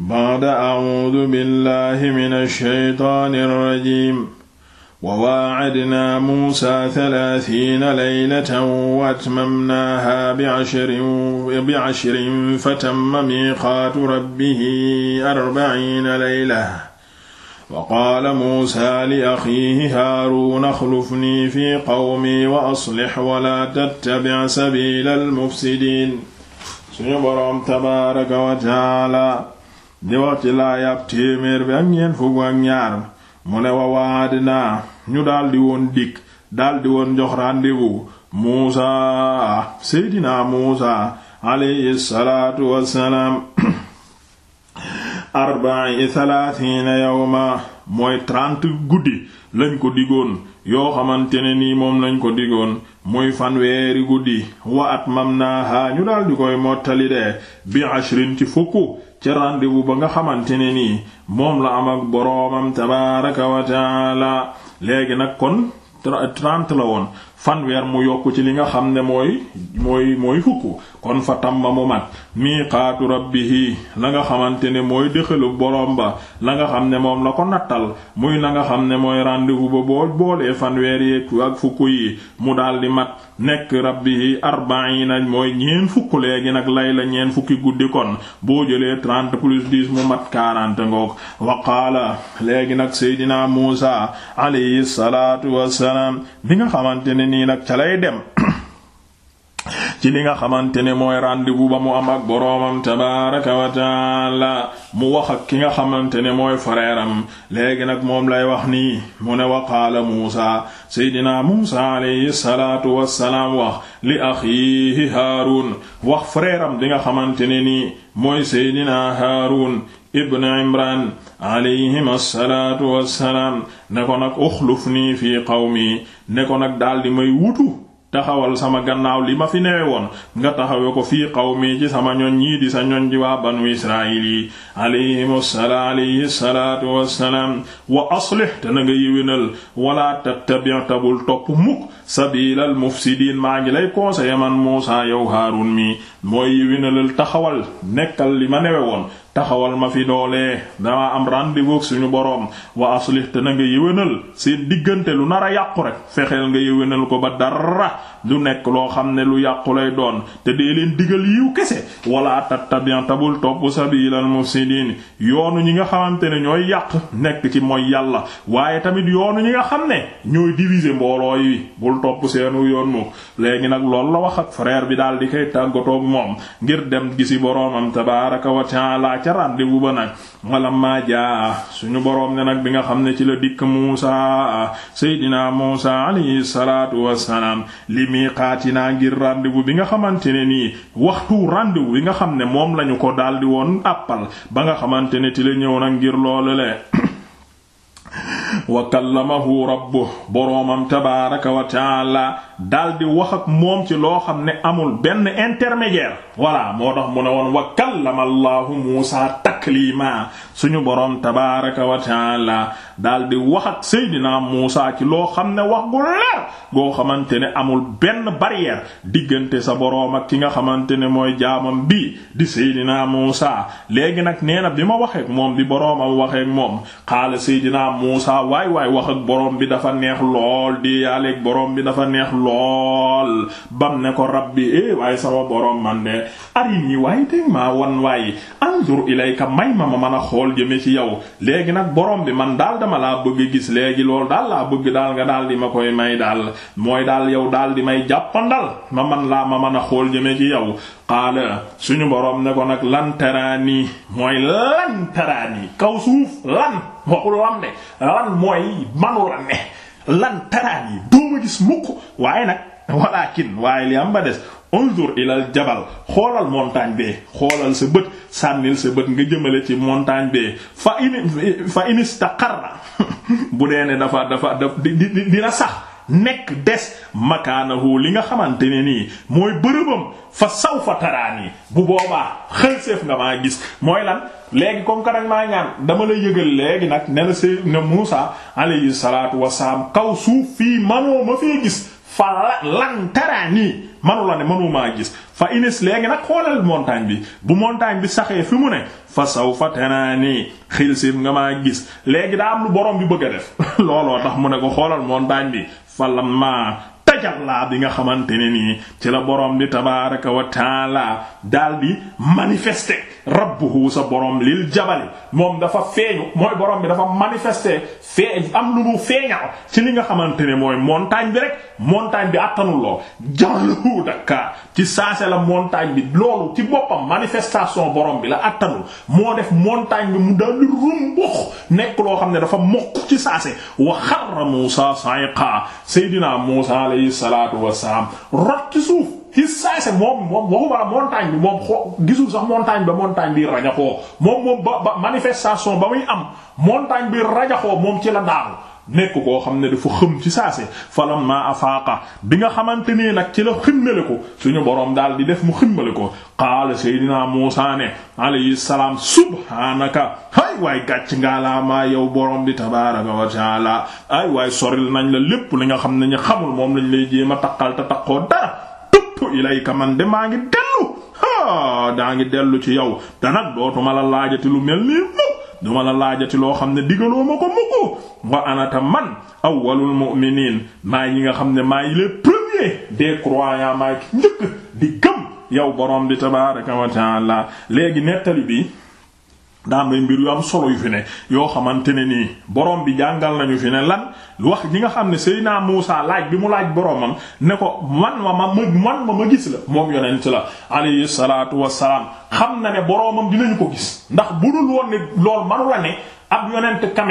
ba'da a'uudu billahi mina shaytaani rajiim wa waacadnaa muusaa talaatiina laylatan wa atmamnaahaa bicashrin fatamma miiqaatu rabbihi arbaciina layla wa qaala muusaa li axiihi haaruun axlufnii fi qawmii wa aslix walaa tattabic sabiila almufsidiin suñu boroom tabaaraka wa tacaala di wax ci laayab téeméer bi ak ñeent fukk ak ñaar mu ne wa waadnaa ñu daldi woon dikk daldi woon jox rendez-vous Muusaa seydinaa Muusaa alayhi salaatu wassalaam arba'i thalathina yawma mooy trente guddi lañ ko digoon yoo xamante ne nii moom lañ ko digoon mooy fanweeri guddi wa atmamnaha ñu daal di koy mottali de bi ci fukk ci rendez-vous ba nga xamante ne nii moom la am ak boroomam tabaaraka wa taala léegi nag kon trente la woon fanweer mu yokk ci li nga xam ne mooy mooy mooy fukk kon fa tamma mu mat miiqaatu rabbihi la nga xamante ne mooy dëxalu borom ba la nga xam ne moom la ko nattal muy na nga xam ne mooy rendez-vous ba boo boolee fanweer yeeg ak fukk yi mu dal di mat nekk rabbihi arbaina mooy ñeen fukk léegi nag lay la ñeen fukki guddi kon boo jëlee trente plus dix mu mat quarante ngoog wa qaala léegi nag seydinaa Muusa alayhi salaatu wassalaam bi nga xamante ne nii nag ca lay dem ci li nga xamante ne mooy rendez bu ba mu am ak boroomam tabaaraka wa taala mu wax ki nga xamante ne mooy frère am léegi nag moom lay wax nii mu ne wa qaala Muusa seydinaa Muusa alayhi salaatu wassalaam wax li axiihi Haarun wax frère di nga xamante ne nii mooy seydinaa Haarun ibn Imran alayhim assalaatu wassalaam ne ko nag uxluf nii fii qawmi ne ko nag daldi may wutu taxawal sama gannaaw li ma fi newe woon nga taxawe ko fii qawmi ci sama ñoñ ñii di sa ñoñ ji waa banu israil yi alayhim sala alayhi salaatu wassalaam wa aslih te na nga yiwénal wala tattabi' tabul topp mukk sabilal mufsidiin maa ngi lay conseiller man Muusaa yow Haarun mi mooy yiwénalal taxawal nekkal li ma newe woon taxawal ma fi doole dama am rendez-vous suñu boroom wa aslih te na nga yëwénal seen diggante lu nar a yàqu rek fexeel nga yëwénal ko ba dara du nekk loo xam ne lu yàqu lay doon te dee leen digal yiw kese wala tattabi'an tabul topp sabiilal mufsidiin yoonu ñi nga xamante ne ñooy yàq nekk ci mooy yàlla waaye tamit yoonu ñi nga xam ne ñooy diviser mbooloo yi bul topp seenu yoon mu léegi nag lool la wax ak frère bi daal di koy tàggatoo moom ngir dem ca rendez ba nag wala maa jaa suñu boroom ne nag bi nga xam ne ci la dikk Muusa Seydina Muusa alayhi salaatu wassalaam li miiqaatinaa ngir rendez bi nga xamante ne nii waxtu rendez-vous bi nga xam ne moom lañu ko daldi woon àppal ba nga xamante ne ci la ñëw nag ngir loolu le wa kallamahu boroomam tabaaraka wa daldi wax ak moom ci loo xam ne amul benn intermédiaire voilà moo tax mu ne woon wa kallama allahu muusa taklima suñu boroom tabaraka wa taala daldi wax ak seydinaa muusa ci loo xam ne wax gu leer goo xamante ne amul benn barrière diggante sa boroom ak ki nga xamante ne mooy jaamam bi di seydinaa muusa léegi nag nee na bi ma waxeek moom bi boroomam waxeek moom xaala seydinaa muusa waay waay wax ak boroom bi dafa neex lool di yàlla ak boroom bi dafa neex lool bam ne ko rabbi eh waaye sama borom man de arini waaye teg maa wan waay anzur ilayka may ma ma mën a xool jëme ci yow léegi nag boroom bi man daal dama laa bëgg gis léegi lool daal laa bëgg daal nga daal di ma koy may daal mooy daal yow daal di may jàppandal ma man laa ma mën a xool jëme ci yow qaala suñu boroom ne ko nag lan taraani mooy lan taraani kaw suuf lan waxul lam de lan mooy manu la ne lan taraan yi doo ma gis mukk waaye nag walakin waaye li am ba des unzur ilal jabal xoolal montagne bee xoolal sa bët sànnil sa bët nga jëmale ci montagne bee fa in fa inistaqarra bu dee ne dafa dafa daf di dina sax nekk des makaanahu li nga xamante ne nii mooy bërëbam fa saw fa taraan bu boobaa xëlséef nga maa gis mooy lan léegi comme que nag ñaan dama la yëgal léegi nag ne na say ne Muusa alayhi salaatu wasalaam kaw suuf fii manoo ma fee gis fa lan taraan yi manu la ne manu maa gis fa inis léegi nag xoolal montagne bi bu montagne bi saxee fi mu ne fa saw fa tanaani xilsif nga maa gis léegi daa am lu borom bi bëgg a def looloo tax mu ne ko xoolal montagne bi falamma jaglaa bi nga xamante ne nii ci la borom bi tabaaraka wa taala daal di manifester rabbuhu sa borom lil jabali moom dafa feeñu mooy borom bi dafa manifester fee am lu mu feeñal ci li nga xamante ne mooy montagne bi rek montagne bi attanul loo jaalahu dakka ci saase la montagne bi loolu ci boppam manifestation borom bi la attanul moo def montagne bi mu daal rumbux nekk loo xam ne dafa mokk ci saase wa xarra Muusaa sa'iqa Seydina Muusaa salaatu wassalaam rot ci suuf his saase moom moom waxu bala montagne bi moom xoo gisul sax montagne ba montagne bi rajaxoo moom moom ba ba manifestation ba muy am montagne bi xo moom ci la daanu nekk koo xam ne dafa xëm ci saase falam a afaaqa bi nga xamante ne nag ci la ximmale ko suñu boroom daal di def mu ximmale ko qaala seydina Muusaa ne alayhi salaam subhaanaka hay waay gàcc nga laa maa yow boroom bi tabaaraka wa taala ay waay soril nañ la lépp li nga xam ne ñu xamul moom lañ lay jéem ma takkal ta taqoo dara tupp ka man de maa ngi dellu haa daa ngi dellu ci yow te nag dootuma la laajati lu mel nii duma la laajati loo xam ne digaloo ma ko mukk wa man awwalul mu'minin maa yi nga xam ne maa yi les premiers des croyants maa ki njëkk di gëm yow borom bi tabaraka wa taala léegi nettali bi daam ay mbir yu am solo yu fi ne yoo xamante ne nii boroom bi jàngal nañu fi ne lan wax ñi nga xam ne naa Muusa laaj bi mu laaj boromam ne ko man ma ma man ma ma gis la moom yonent la alayhi salaatu wassalaam xam na ne boromam dinañu ko gis ndax bu dul woon ne loolu manu la ne ab yonent quand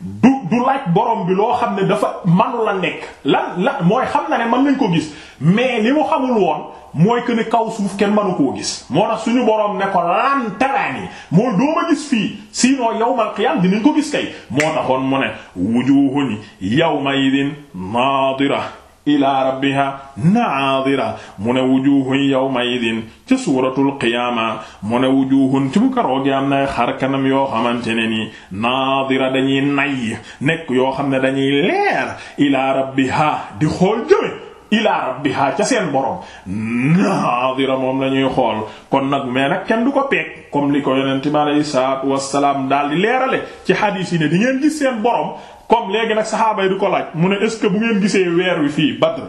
du du laaj borom bi loo xam ne dafa manu la nekk lan lan mooy xam na ne man nañ ko gis mais li mu xamul woon mooy que ne kaw suuf kenn mënu ko gis moo tax suñu borom ne ko lan taraani mooy doo ma gis fii sinon yawmal qiyaam dinañ ko gis kay moo taxoon mu ne wujuhun yawma idin naadira ilaa rabbiha naadira mu ne wujuhun yawma idin ci suuratul qiyaama mu ne wujuhun ci bu karoogee am nay xar kanam yoo xamante ne ni naadira dañuy nay nekk yoo xam ne dañuy leer ilaa rabbiha di xool jëme ilaa rabbiha ca seen borom naadira moom la ñuy xool kon nag mais nag kenn du ko peeg comme li ko yonente mi aleyhi salaatu wasalaam dal di leerale ci xadiis yi ne di ngeen gis seen borom comme léegi nag saxaaba yi du ko laaj mu ne est ce que bu ngeen gisee weer wi fii Badr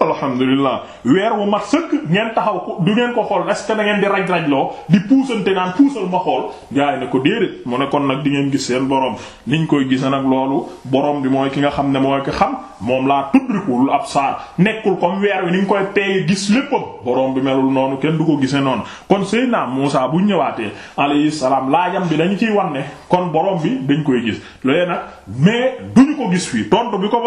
alhamdulilah weer wu mat sëkk ngeen taxaw ko du ngeen ko xool est-ce que da ngeen di raj-rajloo di puusante naan puusal ma xool gaay ne ko déedéet mu ne kon nag di ngeen gis seen borom koy gise nag loolu borom bi mooy ki nga xam ne mooy ki xam moom laa tudrikul absar nekkul comme weer wi ni ñu koy peeye gis léppam borom bi melul noonu kenn du ko gise noonu kon Seydina Muusa bu ñëwaatee alayhi salaam laajam bi dañu ciy wan ne kon borom bi dañ koy gis loolee nag mais duñu ko gis fii tontu bi ko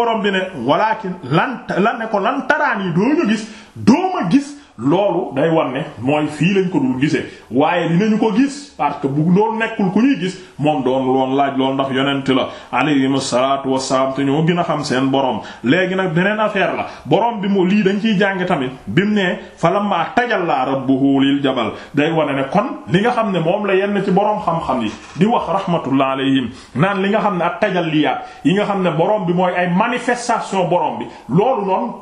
nasaraan yi doo ñu gis doo ma gis loolu day wan ne mooy fii lañ ko dul gisee waaye dinañu ko gis parce que bu loolu nekkul ku ñuy gis moom doon loon laaj loolu ndax yonent la alayhim salaatu wassalaam te ñoo gën a xam seen boroom léegi nag beneen affaire la boroom bi mu lii dañ ciy jàng tamit bi mu nee ne falammaa tajallaa rabbuhu lil jabal day wane ne kon li nga xam ne moom la yenn ci boroom xam-xam yi di wax rahmatullah alayhim naan li nga xam ne at tajal tajalliyaat yi nga xam ne borom bi mooy ay manifestation borom bi loolu noonu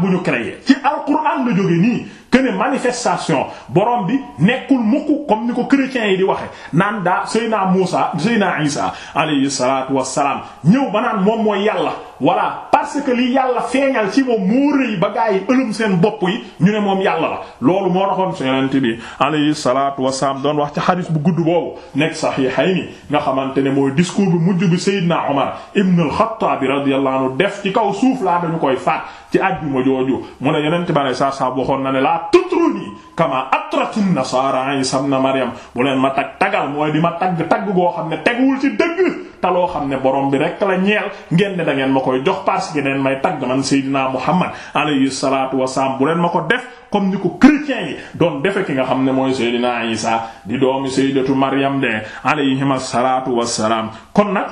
bu ñu créé jóge nii que manifestation borom bi nekkul mukk comme ni ko chrétiens yi di waxe naan daa naa Muusa Seyna Isa alayhi salaatu wassalaam ñëw ba naan moom mooy yàlla voilà parce que li yàlla feeñal ci moom moo rëy ba gaa yi seen bopp yi ñu ne moom yàlla la loolu moo taxoon su yonent bi alayhi salaatu wasalaam wax ci xadis bu gudd boobu nekk saxiixayni nga xamante ne mooy discours bu mujj bi Seydina Omar ibn al-Khattab def ci kaw suuf laa dañu koy faat ci àjjuma jooju mu ne yonent bi alayhi salaam waxoon na ne laa tutruni kama atratu nasaara Isa ibn Maryam bu leen ma tag tagal mooy di ma tagg tagg goo xam ne teguwul ci dëgg te loo xam ne borom bi rek la ñeel ngeen ne da ma koy jox parce grâce gi leen may tagg man Seydina Muhammad alayhi salaatu wasalaam bu leen ma ko def comme ni ko chrétiens yi doon defe ki nga xam ne mooy Seydina Isa di doomi Sayyidatu Maryam de alayhim assalaatu wassalaam kon nag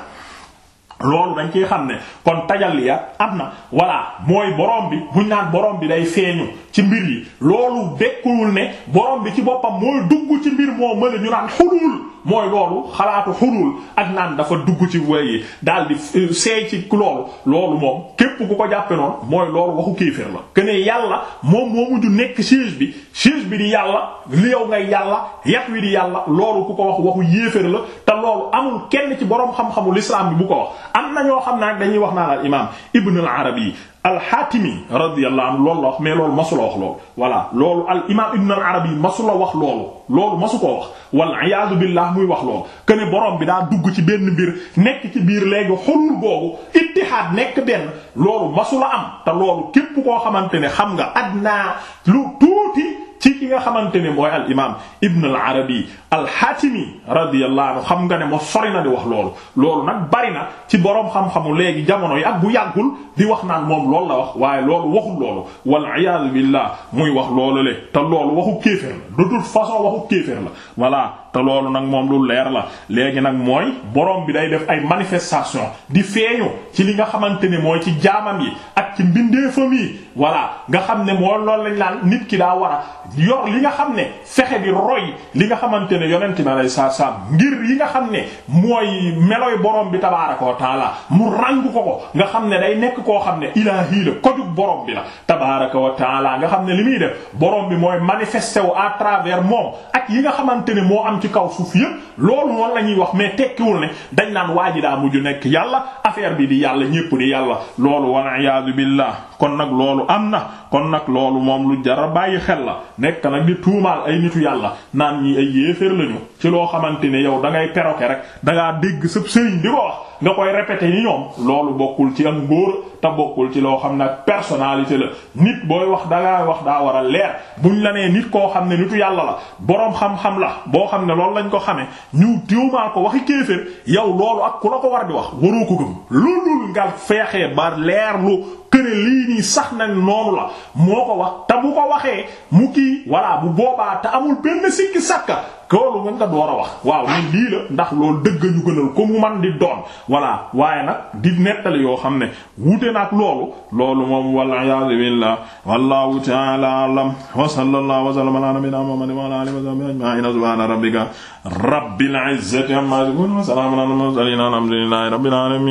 loolu dañ ciy xam ne kon tajal ya am na voilà mooy borom bi buñ naan borom bi day feeñu ci mbir yi loolu dekkuwul ne borom bi ci boppam mooy dugg ci mbir moo mën ñu naan xulul mooy loolu xalaatu xulul ak naan dafa dugg ci wéy yi daal di euh, seey ci loolu loolu moom képp ku ko jàppe noonu mooy loolu waxu kéefër la que yàlla moom moo mujj nekk siège bi siège bi di yàlla li ngay yàlla yat wi di yàlla loolu ku ko wax waxu yéeféer la te loolu amul kenn ci boroom xam-xamu l'islam bi bu ko wax am na ñoo xam ne nag dañuy wax naa al imam ibn al arabi al xaatimi loolu la wax mais loolu masula wax loolu voilà loolu al imam ibn al arabi masula wax loolu loolu masu koo wax wal iyaadu billah muy wax loolu que ne bi daa dugg ci benn mbir nekk ci biir léegi xulul googu ittihaad nekk benn loolu masula am te loolu képp koo xamante ne xam nga adnaa lu ci ki nga xamante ne mooy al imaam Ibn al Arabi alxaatimi radiyallahu xam nga ne moo sori na di wax loolu loolu nag bari na ci boroom xam-xamu léegi jamono yi ak bu yàggul di wax naan moom lool la wax waaye loolu waxul loolu wal iyaadu billah muy wax loolu le te loolu waxu kéefër la de toute façon waxu kéefër la voilà te loolu nag moom lu leer la léegi nag mooy boroom bi day def ay manifestation di feeñu ci li nga xamante ne mooy ci jaamam yi ak ci mbindeefam yi voilà nga xam ne moo loolu lañ naan nit ki daa war a yor li ne yonent mi alayhi salaatu ngir yi nga xam ne mooy melooy borom bi tabaaraka wa taala mu ràngu ko ko nga xam ne day nekk koo xam ne ilaahi la kojug borom bi la tabaaraka wa taala nga xam ne li muy def borom bi mooy manifesté wu à travers moom ak yi nga xamante ne moo am ci kaw suuf yëpp loolu noonu la ñuy wax mais tekkiwul ne dañ naan waa ji daa mujj nekk yàlla affaire bi di yàlla ñépp di yàlla loolu wal iyaadu billah kon nag loolu am na kon nag loolu moom lu jara bàyyi xel la nekk nag yéeféer lañu ci loo xamante ne yow da ngay perroquet rek dangaa dégg sëb sëriñ di ko wax nga koy répéter ni ñoom loolu bokkul ci ak ngóor te bokkul ci loo xam ne ak personnalité la nit booy wax da ngaa wax daa war a leer buñ la nee nit koo xam ne nitu yàlla la boroom xam-xam la boo xam ne loolu lañ ko xamee ñu tiwmaa ko waxi kéeféer yow loolu ak ku la ko war di wax waroo ko gëm loolu nga feexee ba leerlu këne lii nii sax na noonu la moo ko wax te bu ko waxee mu kii walla boobaa te amul benn sikki nga a wax waaw ne lii ndax loolu dëgg ñu gënal ko mu man di doon voilà waaye nag di nettali yoo xam ne wuute nag loolu loolu moom waliyasu billah wallahu ta'ala alam wa sallallahu wa sallama ala nabiyyina muhammadin wa ala alihi wa sahbihi ajma'in subhana rabbika rabbil izzati amma yasifun wa salamun alamin